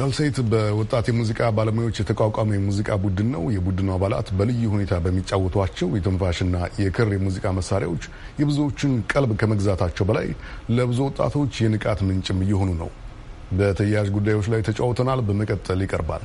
ዳልሰይት በወጣት የሙዚቃ ባለሙያዎች የተቋቋመ የሙዚቃ ቡድን ነው። የቡድኑ አባላት በልዩ ሁኔታ በሚጫወቷቸው የትንፋሽና የክር የሙዚቃ መሳሪያዎች የብዙዎችን ቀልብ ከመግዛታቸው በላይ ለብዙ ወጣቶች የንቃት ምንጭም እየሆኑ ነው። በተያያዥ ጉዳዮች ላይ ተጫውተናል። በመቀጠል ይቀርባል።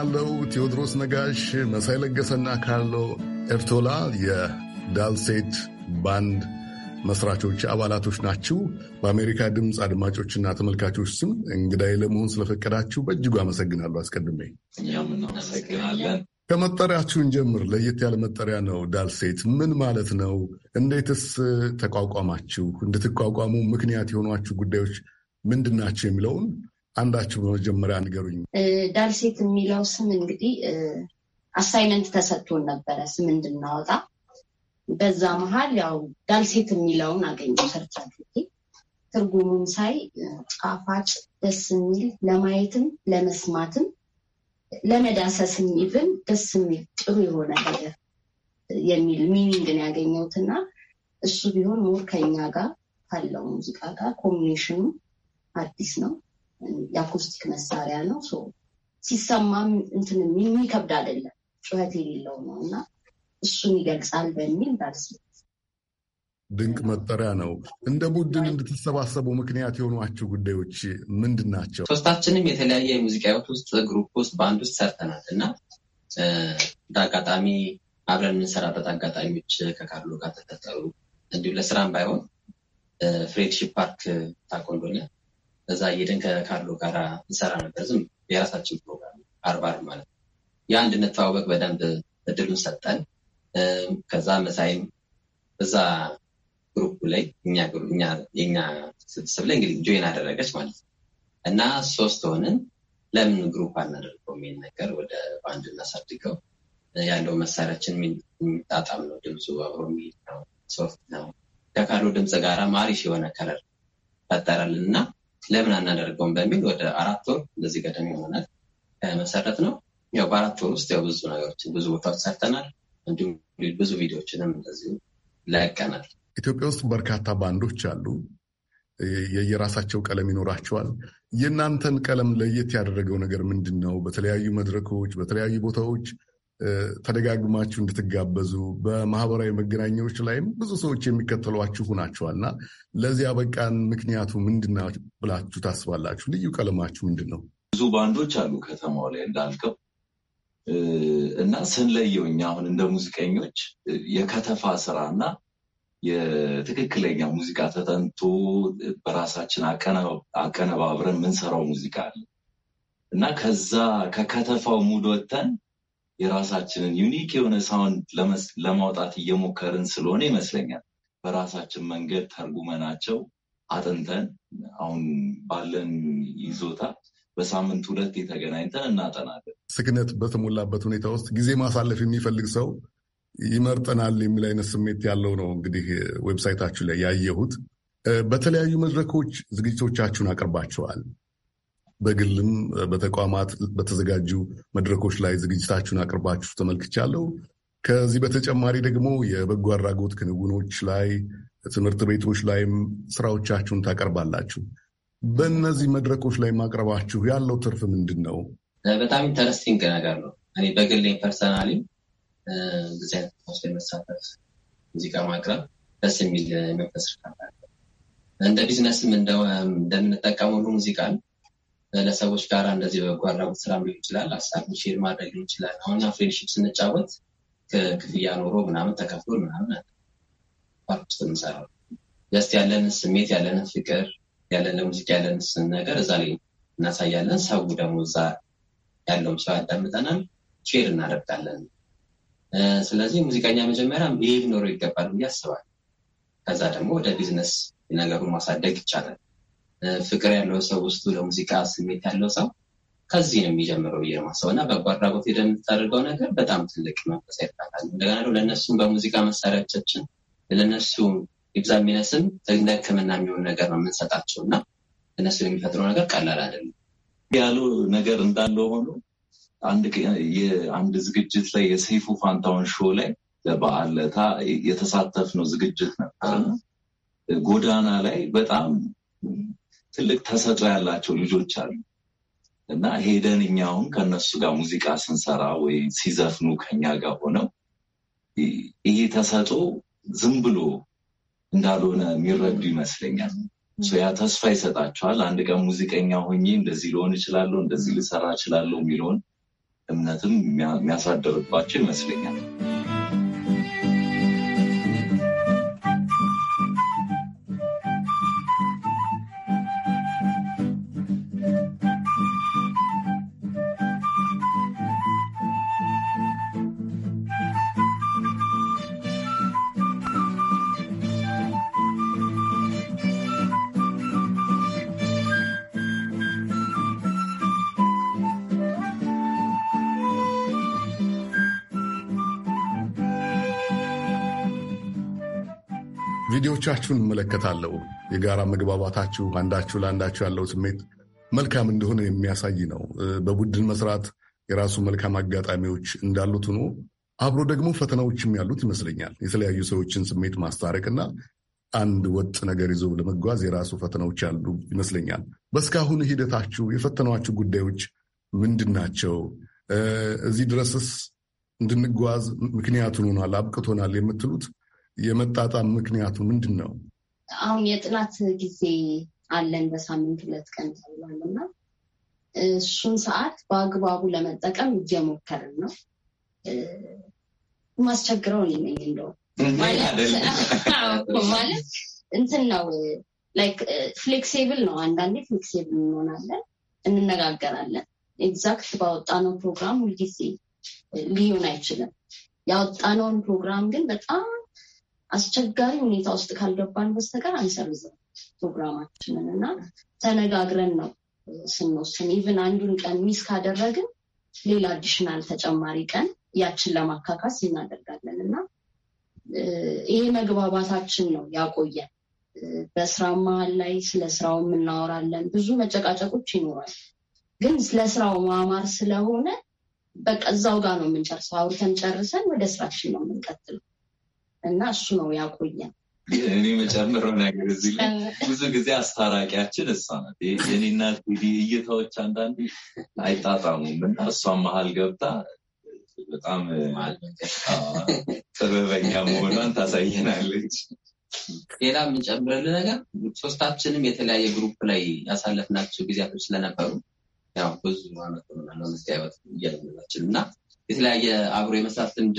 አመሰግናለሁ። ቴዎድሮስ ነጋሽ፣ መሳይ ለገሰና ካለው ኤርቶላ የዳልሴት ባንድ መስራቾች አባላቶች ናችሁ። በአሜሪካ ድምፅ አድማጮችና ተመልካቾች ስም እንግዳይ ለመሆን ስለፈቀዳችሁ በእጅጉ አመሰግናለሁ። አስቀድሜ ከመጠሪያችሁን ጀምር። ለየት ያለ መጠሪያ ነው። ዳልሴት ምን ማለት ነው? እንዴትስ ተቋቋማችሁ? እንድትቋቋሙ ምክንያት የሆኗችሁ ጉዳዮች ምንድን ናቸው የሚለውን አንዳችሁ በመጀመሪያ ንገሩኝ። ዳልሴት የሚለው ስም እንግዲህ አሳይመንት ተሰጥቶን ነበረ ስም እንድናወጣ። በዛ መሀል ያው ዳልሴት የሚለውን አገኘው ሰርች አድርጌ ትርጉሙን ሳይ ጣፋጭ፣ ደስ የሚል ለማየትም ለመስማትም ለመዳሰስ ይብን ደስ የሚል ጥሩ የሆነ ነገር የሚል ሚኒንግን ያገኘውትና እሱ ቢሆን ሞር ከኛ ጋር ካለው ሙዚቃ ጋር ኮምቢኔሽኑ አዲስ ነው። የአኮስቲክ መሳሪያ ነው። ሲሰማም እንትን የሚከብድ አይደለም፣ ጩኸት የሌለው ነው እና እሱን ይገልጻል በሚል ዳርስ ድንቅ መጠሪያ ነው። እንደ ቡድን እንድትሰባሰቡ ምክንያት የሆኗቸው ጉዳዮች ምንድን ናቸው? ሶስታችንም የተለያየ የሙዚቃ ህይወት ውስጥ ግሩፕ ውስጥ በአንድ ውስጥ ሰርተናል እና እንደ አጋጣሚ አብረን የምንሰራበት አጋጣሚዎች ከካርሎ ጋር ተፈጠሩ። እንዲሁም ለስራም ባይሆን ፍሬድሺፕ ፓርክ ታቆንዶኛል በዛ እየደን ከካርሎ ጋር እንሰራ ነበር። ዝም የራሳችን ፕሮግራም አርባር ማለት ነው። ያ እንድንተዋወቅ በደንብ እድሉን ሰጠን። ከዛ መሳይም እዛ ግሩፕ ላይ የኛ ስብስብ ላይ እንግዲህ ጆይን አደረገች ማለት ነው እና ሶስት ሆንን። ለምን ግሩፕ አናደርገው የሚል ነገር ወደ በአንድ እናሳድገው። ያለው መሳሪያችን የሚጣጣም ነው፣ ድምፁ አብሮ የሚሄድ ነው፣ ሶፍት ነው። ከካርሎ ድምፅ ጋራ ማሪሽ የሆነ ከለር ፈጠረልን እና ለምን አናደርገውም በሚል ወደ አራት ወር እንደዚህ ገደም የሆነናል መሰረት ነው። ያው በአራት ወር ውስጥ ያው ብዙ ነገሮችን ብዙ ቦታዎች ሰርተናል። እንዲሁም ብዙ ቪዲዮችንም እንደዚሁ ለቀናል። ኢትዮጵያ ውስጥ በርካታ ባንዶች አሉ። የየራሳቸው ቀለም ይኖራቸዋል። የእናንተን ቀለም ለየት ያደረገው ነገር ምንድን ነው? በተለያዩ መድረኮች፣ በተለያዩ ቦታዎች ተደጋግማችሁ እንድትጋበዙ በማህበራዊ መገናኛዎች ላይም ብዙ ሰዎች የሚከተሏችሁ ሆናችኋልና ለዚያ በቃን ምክንያቱ ምንድን ነው ብላችሁ ታስባላችሁ? ልዩ ቀለማችሁ ምንድን ነው? ብዙ ባንዶች አሉ ከተማው ላይ እንዳልከው እና ስንለየው እኛ አሁን እንደ ሙዚቀኞች የከተፋ እና የትክክለኛ ሙዚቃ ተጠንቶ በራሳችን አቀነባብረን የምንሰራው ሙዚቃ አለ እና ከዛ ከከተፋው ሙድ ወጥተን የራሳችንን ዩኒክ የሆነ ሳውንድ ለማውጣት እየሞከርን ስለሆነ ይመስለኛል በራሳችን መንገድ ተርጉመናቸው አጥንተን አሁን ባለን ይዞታ በሳምንት ሁለት የተገናኝተን እናጠናለን። ስክነት በተሞላበት ሁኔታ ውስጥ ጊዜ ማሳለፍ የሚፈልግ ሰው ይመርጠናል የሚል አይነት ስሜት ያለው ነው። እንግዲህ ዌብሳይታችሁ ላይ ያየሁት በተለያዩ መድረኮች ዝግጅቶቻችሁን አቅርባችኋል። በግልም በተቋማት በተዘጋጁ መድረኮች ላይ ዝግጅታችሁን አቅርባችሁ ተመልክቻለሁ። ከዚህ በተጨማሪ ደግሞ የበጎ አድራጎት ክንውኖች ላይ ትምህርት ቤቶች ላይም ስራዎቻችሁን ታቀርባላችሁ። በእነዚህ መድረኮች ላይ ማቅረባችሁ ያለው ትርፍ ምንድን ነው? በጣም ኢንተረስቲንግ ነገር ነው። እኔ ፐርሰናሊ እንደዚህ አይነት ፖስት ሙዚቃ ማቅረብ ደስ የሚል መንፈስ እንደ ቢዝነስም እንደምንጠቀም ሙዚቃን ለሰዎች ጋር እንደዚህ በጎ አድራጎት ስራ ሊሆን ይችላል፣ ሀሳብ ሼር ማድረግ ሊሆን ይችላል። አሁን ፍሬንድሽፕ ስንጫወት ክፍያ ኖሮ ምናምን ተከፍሎ ምናምን ፓርክ ውስጥ የምንሰራው ያለንን ስሜት ያለንን ፍቅር ያለን ለሙዚቃ ያለንን ነገር እዛ ላይ እናሳያለን። ሰው ደግሞ እዛ ያለውም ሰው ያዳምጠናል፣ ሼር እናደርጋለን። ስለዚህ ሙዚቀኛ መጀመሪያ ይህ ኖሮ ይገባል ብዬ አስባለሁ። ከዛ ደግሞ ወደ ቢዝነስ ነገሩን ማሳደግ ይቻላል። ፍቅር ያለው ሰው ውስጡ ለሙዚቃ ስሜት ያለው ሰው ከዚህ ነው የሚጀምረው ብዬ ነው እና በጎ አድራጎት የምታደርገው ነገር በጣም ትልቅ መንፈሳ ይርታታል። እንደገና ለእነሱም በሙዚቃ መሳሪያዎቻችን ለእነሱ ይብዛ የሚነስም እንደ ሕክምና የሚሆን ነገር ነው የምንሰጣቸው እና እነሱ የሚፈጥረው ነገር ቀላል አይደለም ያሉ ነገር እንዳለው ሆኖ አንድ ዝግጅት ላይ የሰይፉ ፋንታውን ሾ ላይ ለበዓል ለታ ነው ዝግጅት ነበር። ጎዳና ላይ በጣም ትልቅ ተሰጥኦ ያላቸው ልጆች አሉ እና ሄደን እኛውን ከነሱ ጋር ሙዚቃ ስንሰራ ወይ ሲዘፍኑ ከኛ ጋር ሆነው ይሄ ተሰጦ ዝም ብሎ እንዳልሆነ የሚረዱ ይመስለኛል። ያ ተስፋ ይሰጣቸዋል። አንድ ቀን ሙዚቀኛ ሆኜ እንደዚህ ልሆን እችላለሁ፣ እንደዚህ ልሰራ እችላለሁ የሚለውን እምነትም የሚያሳደርባቸው ይመስለኛል። ቪዲዮቻችሁን እመለከታለሁ። የጋራ መግባባታችሁ፣ አንዳችሁ ለአንዳችሁ ያለው ስሜት መልካም እንደሆነ የሚያሳይ ነው። በቡድን መስራት የራሱ መልካም አጋጣሚዎች እንዳሉት ሆኖ አብሮ ደግሞ ፈተናዎችም ያሉት ይመስለኛል። የተለያዩ ሰዎችን ስሜት ማስታረቅና አንድ ወጥ ነገር ይዞ ለመጓዝ የራሱ ፈተናዎች ያሉ ይመስለኛል። በእስካሁን ሂደታችሁ የፈተኗችሁ ጉዳዮች ምንድን ናቸው? እዚህ ድረስስ እንድንጓዝ ምክንያቱን ሆኗል፣ አብቅቶናል የምትሉት የመጣጣም ምክንያቱ ምንድን ነው? አሁን የጥናት ጊዜ አለን በሳምንት ሁለት ቀን ተብሏል እና እሱን ሰዓት በአግባቡ ለመጠቀም እየሞከርን ነው። ማስቸግረው እኔ ነኝ እንደው ማለት እንትን ነው ላይክ ፍሌክሲብል ነው። አንዳንዴ ፍሌክሲብል እንሆናለን፣ እንነጋገራለን። ኤግዛክት ባወጣነው ፕሮግራም ሁልጊዜ ሊሆን አይችልም። ያወጣነውን ፕሮግራም ግን በጣም አስቸጋሪ ሁኔታ ውስጥ ካልገባን በስተቀር አንሰርዝም ፕሮግራማችንን እና ተነጋግረን ነው ስንወስን። ኢቭን አንዱን ቀን ሚስ ካደረግን ሌላ አዲሽናል ተጨማሪ ቀን ያችን ለማካካስ እናደርጋለን እና ይሄ መግባባታችን ነው ያቆየን። በስራ መሀል ላይ ስለ ስራው የምናወራለን። ብዙ መጨቃጨቆች ይኖራል፣ ግን ስለ ስራው ማማር ስለሆነ በቃ እዛው ጋር ነው የምንጨርሰው። አውርተን ጨርሰን ወደ ስራችን ነው የምንቀጥለው። እና እሱ ነው ያቆየን። እኔ መጨምረው ነገር እዚህ ላይ ብዙ ጊዜ አስታራቂያችን እሷ ናት። የኔና ቴዲ እይታዎች አንዳንዴ አይጣጣሙም እና እሷን መሀል ገብታ በጣም ጥበበኛ መሆኗን ታሳየናለች። ሌላ የምንጨምርል ነገር ሶስታችንም የተለያየ ግሩፕ ላይ ያሳለፍናቸው ጊዜያቶች ስለነበሩ ያው ብዙ ማለት ነው መስያ ህይወት እና የተለያየ አብሮ የመስራት ልምድ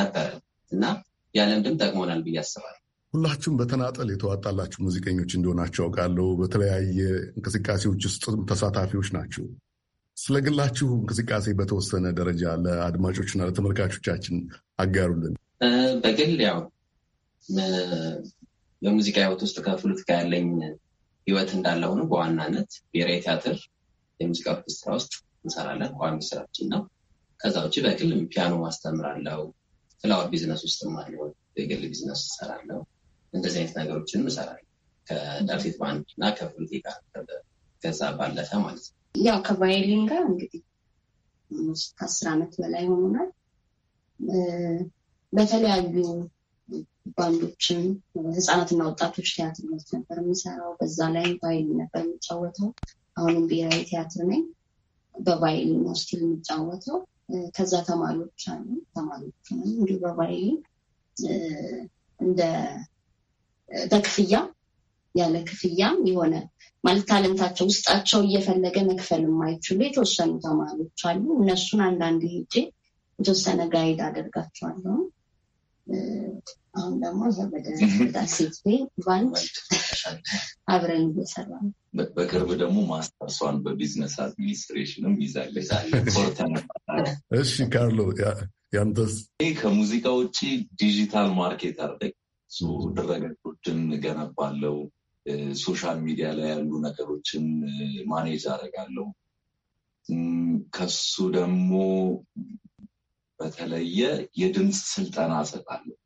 ነበረ እና ያ ልምድም ጠቅሞናል ብዬ አስባለሁ። ሁላችሁም በተናጠል የተዋጣላችሁ ሙዚቀኞች እንደሆናችሁ አውቃለሁ። በተለያየ እንቅስቃሴዎች ውስጥ ተሳታፊዎች ናችሁ። ስለ ግላችሁ እንቅስቃሴ በተወሰነ ደረጃ ለአድማጮችና ለተመልካቾቻችን አጋሩልን። በግል ያው በሙዚቃ ህይወት ውስጥ ከፍሉት ጋር ያለኝ ህይወት እንዳለ ሆኖ በዋናነት ብሔራዊ ቲያትር የሙዚቃ ኦርኬስትራ ውስጥ እንሰራለን፣ ቋሚ ስራችን ነው። ከዛ ውጭ በግል ፒያኖ ማስተምራለው፣ ፍላወር ቢዝነስ ውስጥም አለው የግል ቢዝነስ እሰራለሁ። እንደዚህ አይነት ነገሮችን እሰራለሁ ከዳርሴት ባንድ እና ከፍሉቴ ጋር ከዛ ባለፈ ማለት ነው። ያው ከቫይሊን ጋር እንግዲህ ከአስር ዓመት በላይ ሆኖናል። በተለያዩ ባንዶችን ህፃናትና ወጣቶች ቲያትር ቤት ነበር የሚሰራው። በዛ ላይ ቫዮሊን ነበር የሚጫወተው። አሁንም ብሔራዊ ቲያትር ነኝ፣ በቫይሊን ነው ስቲል የሚጫወተው። ከዛ ተማሪዎች አሉ። ተማሪዎች እንዲሁ በባይሌ እንደ በክፍያ ያለ ክፍያ የሆነ ማለት ታለንታቸው ውስጣቸው እየፈለገ መክፈል የማይችሉ የተወሰኑ ተማሪዎች አሉ። እነሱን አንዳንድ ሄጄ የተወሰነ ጋይድ አደርጋቸዋለሁ። አሁን ደግሞ ሴት ባንክ አብረን እየሰራ ነው። በቅርብ ደግሞ ማስተርሷን በቢዝነስ አድሚኒስትሬሽንም ይዛለች። እሺ ካርሎ ያንተስ? ይህ ከሙዚቃ ውጭ ዲጂታል ማርኬት አርደግ ድረገጦችን ገነባለው፣ ሶሻል ሚዲያ ላይ ያሉ ነገሮችን ማኔጅ አደርጋለሁ። ከሱ ደግሞ በተለየ የድምፅ ስልጠና እሰጣለሁ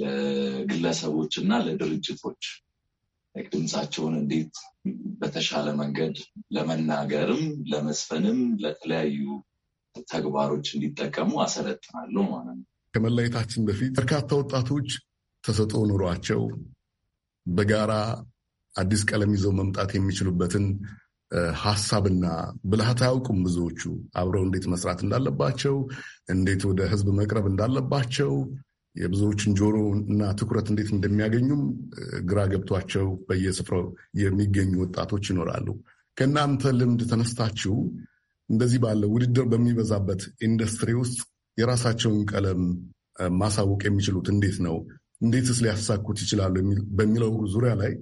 ለግለሰቦች እና ለድርጅቶች ድምፃቸውን እንዴት በተሻለ መንገድ ለመናገርም ለመስፈንም ለተለያዩ ተግባሮች እንዲጠቀሙ አሰለጥናለሁ ማለት ነው። ከመለየታችን በፊት በርካታ ወጣቶች ተሰጦ ኑሯቸው በጋራ አዲስ ቀለም ይዘው መምጣት የሚችሉበትን ሀሳብና ብልሃት አያውቁም። ብዙዎቹ አብረው እንዴት መስራት እንዳለባቸው፣ እንዴት ወደ ህዝብ መቅረብ እንዳለባቸው፣ የብዙዎችን ጆሮ እና ትኩረት እንዴት እንደሚያገኙም ግራ ገብቷቸው በየስፍራው የሚገኙ ወጣቶች ይኖራሉ። ከእናንተ ልምድ ተነስታችሁ እንደዚህ ባለ ውድድር በሚበዛበት ኢንዱስትሪ ውስጥ የራሳቸውን ቀለም ማሳወቅ የሚችሉት እንዴት ነው? እንዴትስ ሊያሳኩት ይችላሉ? በሚለው ዙሪያ ላይ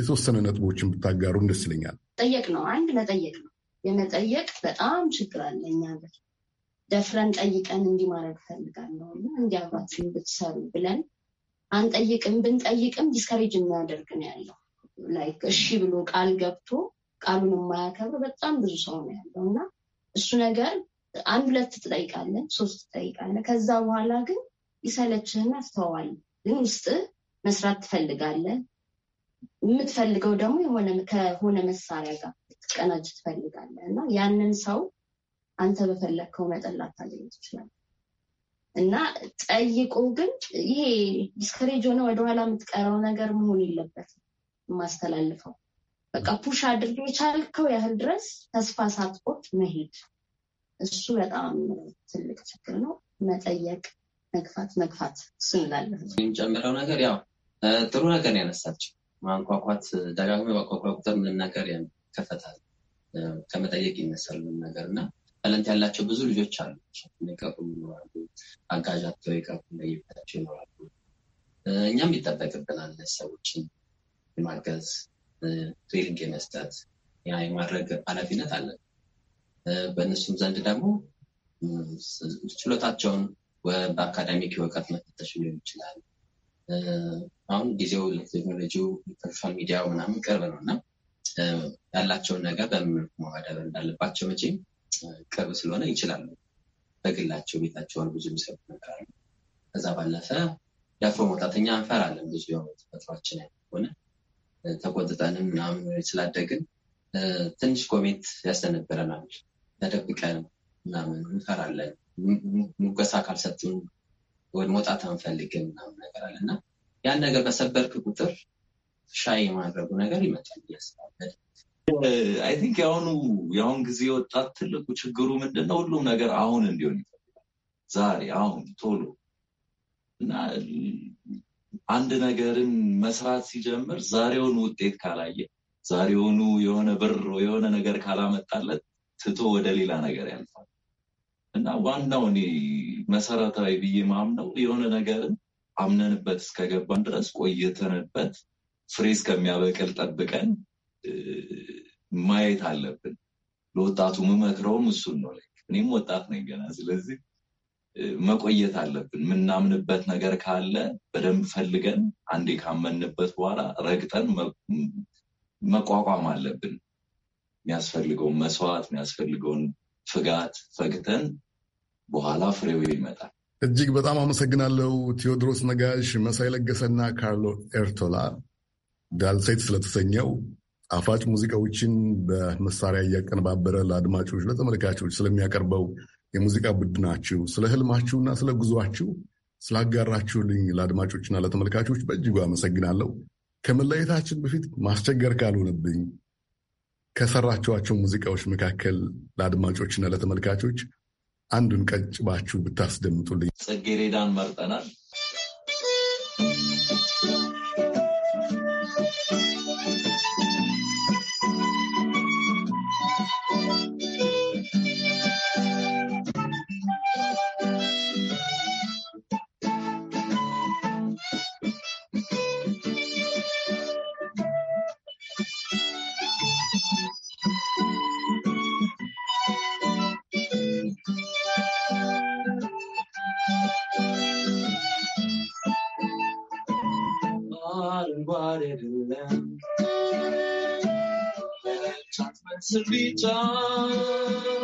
የተወሰነ ነጥቦችን ብታጋሩ ደስ ይለኛል። ጠየቅ ነው አንድ መጠየቅ ነው። የመጠየቅ በጣም ችግር አለ እኛ ሀገር። ደፍረን ጠይቀን እንዲህ ማድረግ እፈልጋለሁ እና እንዲህ አብራችሁ ብትሰሩ ብለን አንጠይቅም። ብንጠይቅም ዲስከሬጅ የሚያደርግ ነው ያለው። ላይክ እሺ ብሎ ቃል ገብቶ ቃሉን የማያከብር በጣም ብዙ ሰው ነው ያለው እና እሱ ነገር አንድ ሁለት ትጠይቃለህ፣ ሶስት ትጠይቃለህ። ከዛ በኋላ ግን ይሰለችህና ትተዋል። ግን ውስጥ መስራት ትፈልጋለህ የምትፈልገው ደግሞ የሆነ ከሆነ መሳሪያ ጋር ትቀናጅ ትፈልጋለህ እና ያንን ሰው አንተ በፈለግከው መጠን ላታገኝ ትችላል። እና ጠይቁ፣ ግን ይሄ ዲስከሬጅ ሆነ ወደኋላ የምትቀረው ነገር መሆን የለበትም። የማስተላልፈው በቃ ፑሽ አድርግ የቻልከው ያህል ድረስ ተስፋ ሳትቆርጥ መሄድ፣ እሱ በጣም ትልቅ ችግር ነው። መጠየቅ፣ መግፋት መግፋት እሱ ስንላለሁ የሚጨምረው ነገር ያው ጥሩ ነገር ያነሳቸው ማንኳኳት ደጋግሞ የማንኳኳ ቁጥር ምንም ነገር ከመጠየቅ ይነሳል ምንም ነገር እና ታለንት ያላቸው ብዙ ልጆች አሉ። ሚቀቁ ይኖራሉ፣ አጋዣቸው ይቀቁ ለይታቸው ይኖራሉ። እኛም ይጠበቅብናል ሰዎችን የማገዝ ትሬኒንግ የመስጠት ያ የማድረግ ኃላፊነት አለን። በእነሱም ዘንድ ደግሞ ችሎታቸውን በአካዳሚክ እውቀት መፈተሽ ሊሆን ይችላል አሁን ጊዜው ለቴክኖሎጂው ሶሻል ሚዲያ ምናምን ቅርብ ነው እና ያላቸውን ነገር በምን መልኩ ማዳበር እንዳለባቸው መቼም ቅርብ ስለሆነ ይችላሉ። በግላቸው ቤታቸውን ብዙ የሚሰሩ ነገር አለ። ከዛ ባለፈ ደፍሮ መውጣተኛ እንፈራለን። ብዙ የሆነ ተፈጥሯችን ሆነ ተቆጥጠንም ምናምን ስላደግን ትንሽ ኮሜንት ያስደነብረናል። ተደብቀን ምናምን እንፈራለን። ሙገሳ ካልሰጡን ወደ መውጣት አንፈልግም ምናምን ነገር አለ እና ያን ነገር በሰበርክ ቁጥር ሻይ የማድረጉ ነገር ይመጣል እያስባበት አይ ቲንክ የአሁኑ የአሁን ጊዜ ወጣት ትልቁ ችግሩ ምንድን ነው? ሁሉም ነገር አሁን እንዲሆን ይፈልጋል። ዛሬ፣ አሁን፣ ቶሎ እና አንድ ነገርን መስራት ሲጀምር ዛሬውን ውጤት ካላየ ዛሬውኑ የሆነ ብር የሆነ ነገር ካላመጣለት ትቶ ወደ ሌላ ነገር ያልፋል እና ዋናው እኔ መሰረታዊ ብዬ ማምነው የሆነ ነገርን አምነንበት እስከገባን ድረስ ቆይተንበት ፍሬ እስከሚያበቅል ጠብቀን ማየት አለብን። ለወጣቱ የምመክረውም እሱን ነው። እኔም ወጣት ነኝ ገና። ስለዚህ መቆየት አለብን። የምናምንበት ነገር ካለ በደንብ ፈልገን አንዴ ካመንበት በኋላ ረግጠን መቋቋም አለብን። የሚያስፈልገውን መስዋዕት፣ የሚያስፈልገውን ፍጋት ፈግተን በኋላ ፍሬው ይመጣል። እጅግ በጣም አመሰግናለሁ ቴዎድሮስ ነጋሽ፣ መሳይ ለገሰና ካርሎ ኤርቶላ ዳልሴት ስለተሰኘው ጣፋጭ ሙዚቃዎችን በመሳሪያ እያቀነባበረ ለአድማጮች ለተመልካቾች ስለሚያቀርበው የሙዚቃ ቡድናችሁ፣ ስለ ህልማችሁና ስለ ጉዟችሁ ስላጋራችሁልኝ ለአድማጮችና ለተመልካቾች በእጅጉ አመሰግናለሁ። ከመለየታችን በፊት ማስቸገር ካልሆነብኝ ከሰራችኋቸው ሙዚቃዎች መካከል ለአድማጮችና ለተመልካቾች አንዱን ቀጭባችሁ ብታስደምጡልኝ። ጽጌሬዳን መርጠናል። to be done.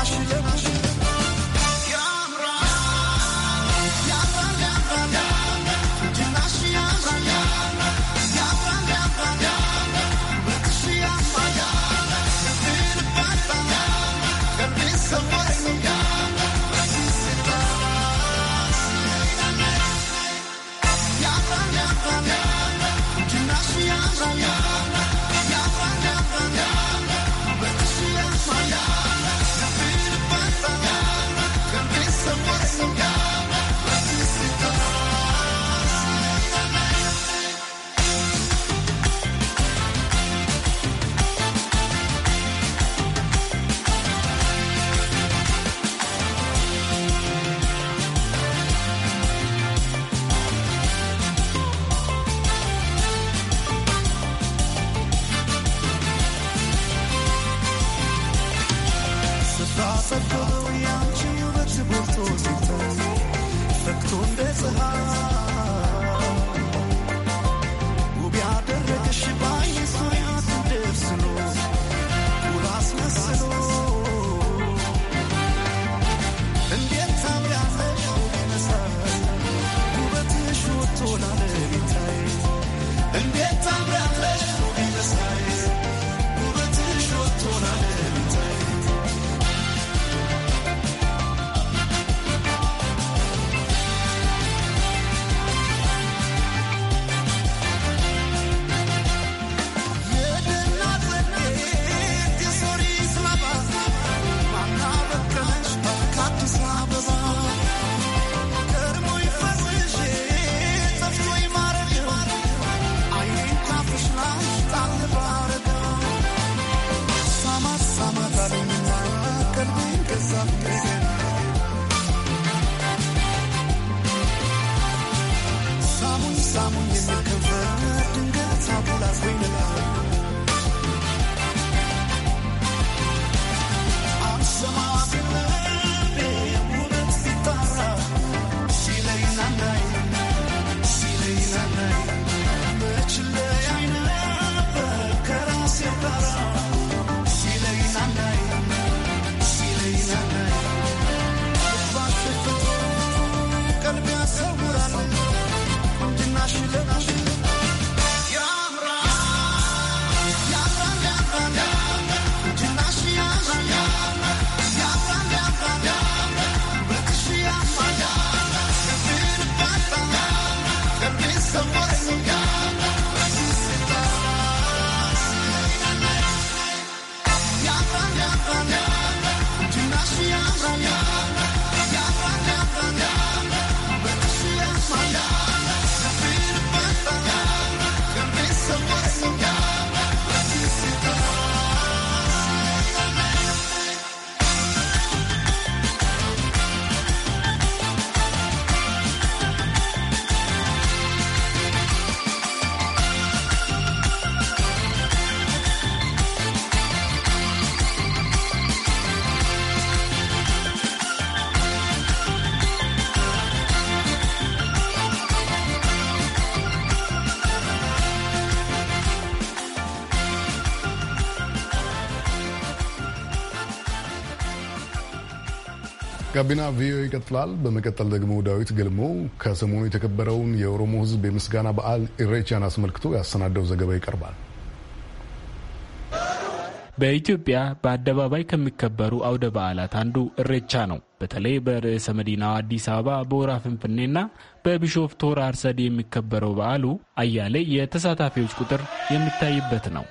I should Sakto do yanchi ጋቢና ቪኦኤ ይቀጥላል። በመቀጠል ደግሞ ዳዊት ገልሞ ከሰሞኑ የተከበረውን የኦሮሞ ሕዝብ የምስጋና በዓል ኢሬቻን አስመልክቶ ያሰናደው ዘገባ ይቀርባል። በኢትዮጵያ በአደባባይ ከሚከበሩ አውደ በዓላት አንዱ እሬቻ ነው። በተለይ በርዕሰ መዲናው አዲስ አበባ በወራ ፍንፍኔና በቢሾፍቱ ሆራ አርሰዴ የሚከበረው በዓሉ አያሌ የተሳታፊዎች ቁጥር የሚታይበት ነው።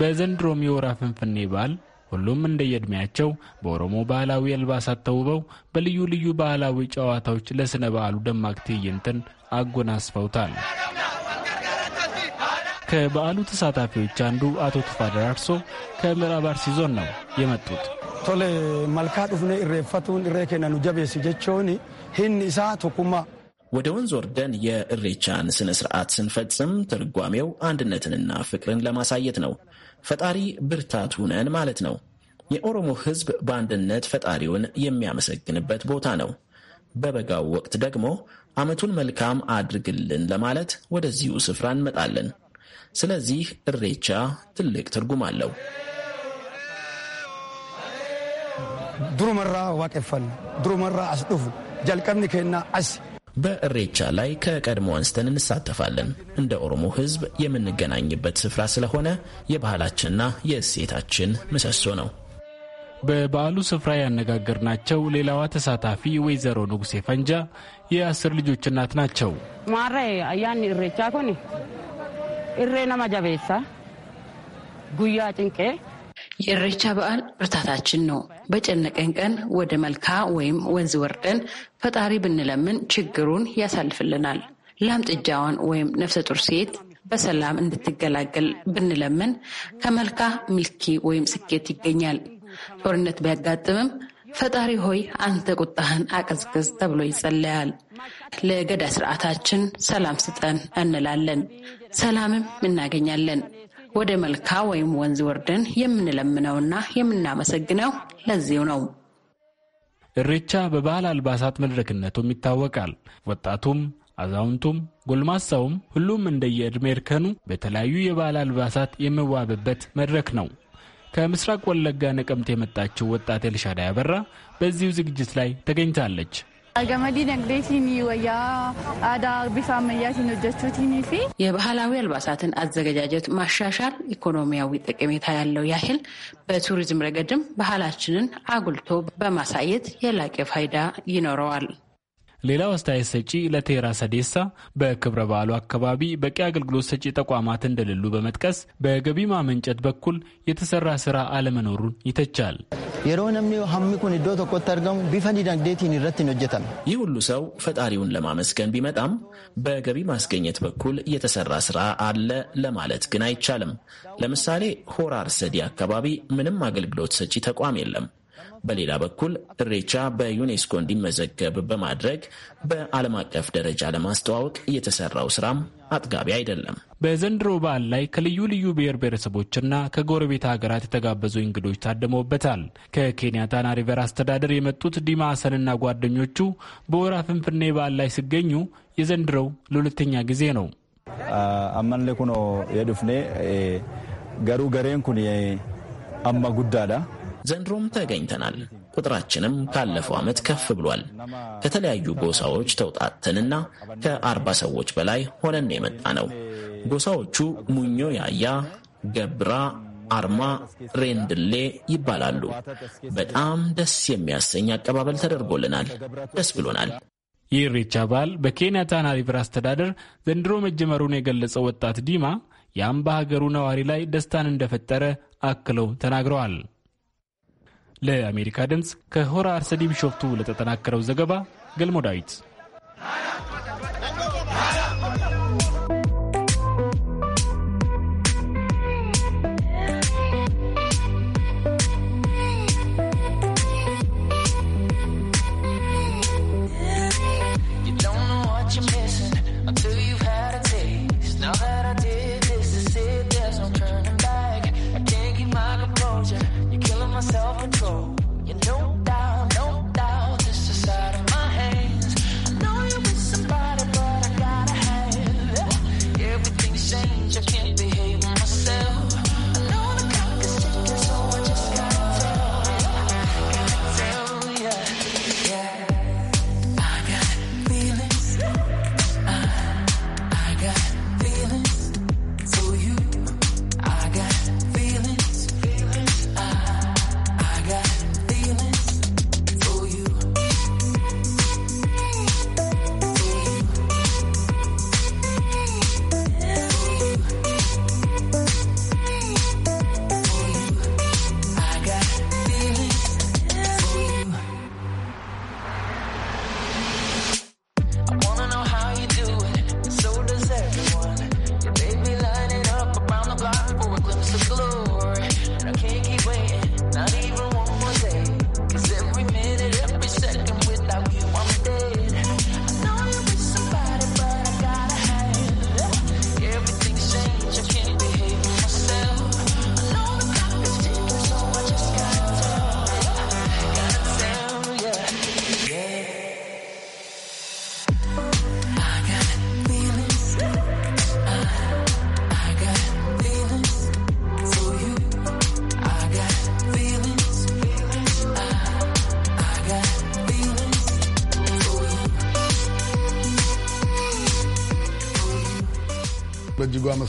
በዘንድሮም የወራ ፍንፍኔ በዓል ሁሉም እንደየዕድሜያቸው በኦሮሞ ባህላዊ አልባሳት ተውበው በልዩ ልዩ ባህላዊ ጨዋታዎች ለሥነ በዓሉ ደማቅ ትዕይንትን አጎናስፈውታል። ከበዓሉ ተሳታፊዎች አንዱ አቶ ቱፋ ደራርሶ ከምዕራብ አርሲ ዞን ነው የመጡት። ቶሌ መልካ ዱፍኔ እሬፈቱን እሬ ከነኑ ጀቤሲ ጀቾኒ ሂን ኢሳ ቶኩማ ወደ ወንዝ ወርደን የእሬቻን ስነ ስርዓት ስንፈጽም ትርጓሜው አንድነትንና ፍቅርን ለማሳየት ነው። ፈጣሪ ብርታት ሁነን ማለት ነው። የኦሮሞ ሕዝብ በአንድነት ፈጣሪውን የሚያመሰግንበት ቦታ ነው። በበጋው ወቅት ደግሞ ዓመቱን መልካም አድርግልን ለማለት ወደዚሁ ስፍራ እንመጣለን። ስለዚህ እሬቻ ትልቅ ትርጉም አለው። ድሩመራ ዋቄፈን ድሩመራ አስዱፉ ጃልቀብኒ ከና አስ በእሬቻ ላይ ከቀድሞ አንስተን እንሳተፋለን። እንደ ኦሮሞ ሕዝብ የምንገናኝበት ስፍራ ስለሆነ የባህላችንና የእሴታችን ምሰሶ ነው። በበዓሉ ስፍራ ያነጋገርናቸው ሌላዋ ተሳታፊ ወይዘሮ ንጉሴ ፈንጃ የአስር ልጆች እናት ናቸው። ማረ አያን እሬቻ ኮኒ እሬ ነማ ጃቤሳ ጉያ ጭንቄ የእሬቻ በዓል ብርታታችን ነው። በጨነቀን ቀን ወደ መልካ ወይም ወንዝ ወርደን ፈጣሪ ብንለምን ችግሩን ያሳልፍልናል። ላም ጥጃዋን ወይም ነፍሰ ጡር ሴት በሰላም እንድትገላገል ብንለምን ከመልካ ሚልኪ ወይም ስኬት ይገኛል። ጦርነት ቢያጋጥምም ፈጣሪ ሆይ አንተ ቁጣህን አቀዝቅዝ ተብሎ ይጸለያል። ለገዳ ስርዓታችን ሰላም ስጠን እንላለን፣ ሰላምም እናገኛለን። ወደ መልካ ወይም ወንዝ ወርደን የምንለምነውና የምናመሰግነው ለዚሁ ነው። እሬቻ በባህል አልባሳት መድረክነቱም ይታወቃል። ወጣቱም፣ አዛውንቱም፣ ጎልማሳውም ሁሉም እንደየዕድሜ እርከኑ በተለያዩ የባህል አልባሳት የሚዋብበት መድረክ ነው። ከምስራቅ ወለጋ ነቀምት የመጣችው ወጣት ኤልሻዳ ያበራ በዚሁ ዝግጅት ላይ ተገኝታለች። ገመዲ ነግዴቲን ወያ አዳ ቢፋ መያሲን ፊ የባህላዊ አልባሳትን አዘገጃጀት ማሻሻል ኢኮኖሚያዊ ጠቀሜታ ያለው ያህል በቱሪዝም ረገድም ባህላችንን አጉልቶ በማሳየት የላቀ ፋይዳ ይኖረዋል። ሌላው አስተያየት ሰጪ ለቴራ ሰዴሳ በክብረ በዓሉ አካባቢ በቂ አገልግሎት ሰጪ ተቋማት እንደሌሉ በመጥቀስ በገቢ ማመንጨት በኩል የተሰራ ስራ አለመኖሩን ይተቻል። የሮ ነምኒ ሀሚኩን ዶ ተቆት አርገሙ ቢፈን ዳንግዴቲን ረት ይጀታል። ይህ ሁሉ ሰው ፈጣሪውን ለማመስገን ቢመጣም በገቢ ማስገኘት በኩል የተሰራ ስራ አለ ለማለት ግን አይቻልም። ለምሳሌ ሆራር ሰዲ አካባቢ ምንም አገልግሎት ሰጪ ተቋም የለም። በሌላ በኩል እሬቻ በዩኔስኮ እንዲመዘገብ በማድረግ በዓለም አቀፍ ደረጃ ለማስተዋወቅ የተሰራው ስራም አጥጋቢ አይደለም። በዘንድሮ በዓል ላይ ከልዩ ልዩ ብሔር ብሔረሰቦችና ከጎረቤት ሀገራት የተጋበዙ እንግዶች ታደመውበታል። ከኬንያ ታና ሪቨር አስተዳደር የመጡት ዲማ ሀሰንና ጓደኞቹ በወራ ፍንፍኔ በዓል ላይ ሲገኙ የዘንድሮው ለሁለተኛ ጊዜ ነው። አማን የድፍኔ ገሩ ገሬንኩን አማ ጉዳዳ ዘንድሮም ተገኝተናል። ቁጥራችንም ካለፈው ዓመት ከፍ ብሏል። ከተለያዩ ጎሳዎች ተውጣተንና ከአርባ ሰዎች በላይ ሆነን የመጣ ነው። ጎሳዎቹ ሙኞ ያያ፣ ገብራ አርማ ሬንድሌ ይባላሉ። በጣም ደስ የሚያሰኝ አቀባበል ተደርጎልናል። ደስ ብሎናል። ይህ ኢሬቻ በዓል በኬንያ ታና ሪቨር አስተዳደር ዘንድሮ መጀመሩን የገለጸው ወጣት ዲማ የአምባ ሀገሩ ነዋሪ ላይ ደስታን እንደፈጠረ አክለው ተናግረዋል። ለአሜሪካ ድምፅ ከሆራ አርሰዲ ቢሾፍቱ ለተጠናከረው ዘገባ ገልሞ ዳዊት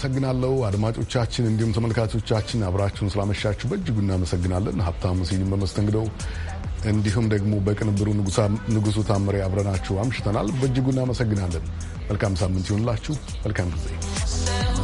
አመሰግናለሁ። አድማጮቻችን እንዲሁም ተመልካቾቻችን አብራችሁን ስላመሻችሁ በእጅጉ እናመሰግናለን። ሀብታሙ ሲኒም በመስተንግደው እንዲሁም ደግሞ በቅንብሩ ንጉሱ ታምሬ አብረናችሁ አምሽተናል። በእጅጉ እናመሰግናለን። መልካም ሳምንት ይሆንላችሁ። መልካም ጊዜ